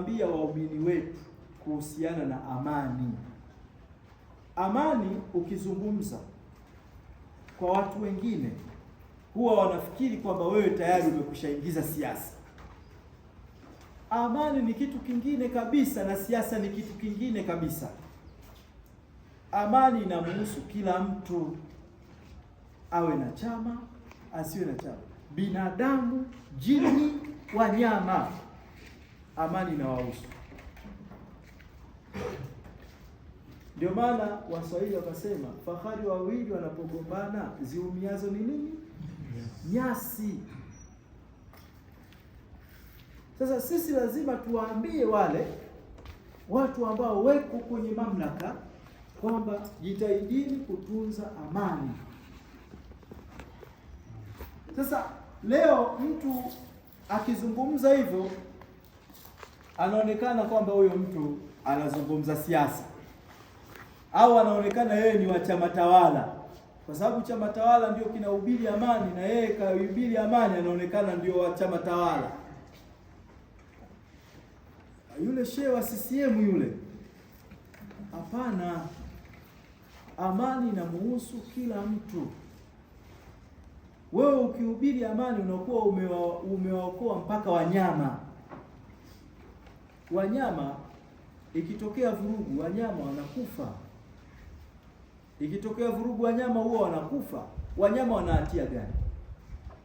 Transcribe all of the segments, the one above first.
Ambia waumini wetu kuhusiana na amani. Amani ukizungumza kwa watu wengine huwa wanafikiri kwamba wewe tayari umekushaingiza siasa. Amani ni kitu kingine kabisa na siasa ni kitu kingine kabisa. Amani inamhusu kila mtu, awe na chama, asiwe na chama, binadamu, jini, wanyama amani inawahusu. Ndio maana Waswahili wakasema fahari wawili wanapogombana ziumiazo ni nini? Nyasi. Sasa sisi lazima tuwaambie wale watu ambao weko kwenye mamlaka kwamba jitahidini kutunza amani. Sasa leo mtu akizungumza hivyo anaonekana kwamba huyo mtu anazungumza siasa au anaonekana yeye ni wa chama tawala, kwa sababu chama tawala ndio kinahubiri amani, na yeye kahubiri amani, anaonekana ndio wa chama tawala. Yule shehe wa CCM yule, hapana. Amani inamuhusu kila mtu. Wewe ukihubiri amani unakuwa umewaokoa umewa mpaka wanyama wanyama, ikitokea vurugu wanyama wanakufa, ikitokea vurugu wanyama huwa wanakufa. Wanyama wana hatia gani?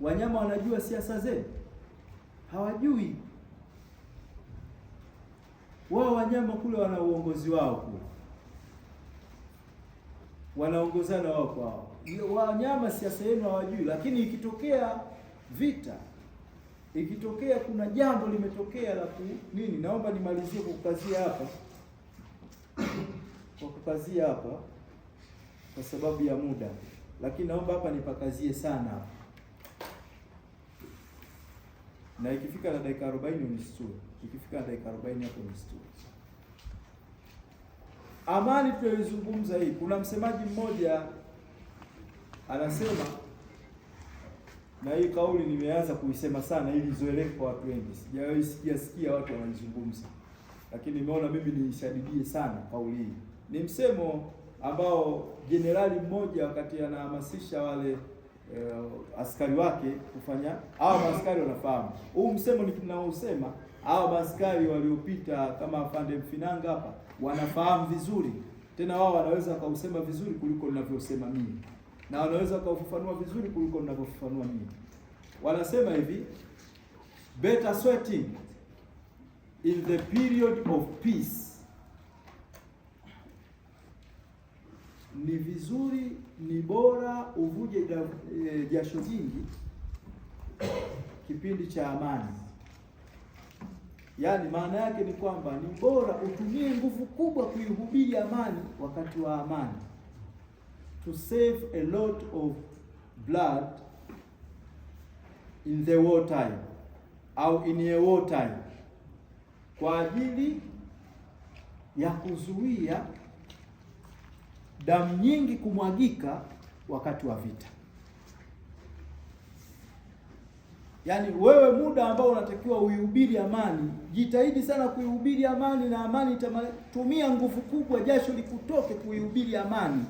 Wanyama wanajua siasa zenu? Hawajui. Wao wanyama kule wana uongozi wao kule, wanaongozana wao kwa wao. Wanyama siasa yenu hawajui, lakini ikitokea vita ikitokea kuna jambo limetokea la nini, naomba nimalizie kukazia hapa, kwa kukazia hapa kwa sababu ya muda, lakini naomba hapa nipakazie sana hapa, na ikifika na dakika 40 unisitue, ikifika na dakika 40 hapo unisitue. Amani tunayoizungumza hii, kuna msemaji mmoja anasema na hii kauli nimeanza kuisema sana ili izoeleke kwa watu wengi. Sijawahi sikia sikia watu wanazungumza, lakini nimeona mimi niishadidie sana kauli hii. Ni msemo ambao jenerali mmoja wakati anahamasisha wale uh, askari wake kufanya, hawa maaskari wanafahamu huu msemo ninaosema, hawa maaskari waliopita kama afande Mfinanga hapa wanafahamu vizuri, tena wao wanaweza wakausema vizuri kuliko ninavyosema mimi na wanaweza wakaufafanua vizuri kuliko ninavyofafanua mimi. Wanasema hivi, better sweating in the period of peace, ni vizuri, ni bora uvuje e, jasho jingi kipindi cha amani. Yaani maana yake ni kwamba ni bora utumie nguvu kubwa kuihubiri amani wakati wa amani to save a lot of blood in the war time au in a war time, kwa ajili ya kuzuia damu nyingi kumwagika wakati wa vita. Yaani, wewe muda ambao unatakiwa uihubiri amani, jitahidi sana kuihubiri amani, na amani itatumia nguvu kubwa, jasho likutoke kuihubiri amani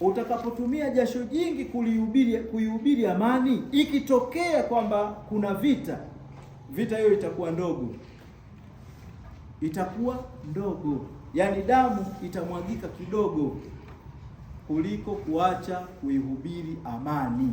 utakapotumia jasho jingi kulihubiri kuihubiri amani, ikitokea kwamba kuna vita, vita hiyo itakuwa ndogo, itakuwa ndogo, yaani damu itamwagika kidogo kuliko kuacha kuihubiri amani.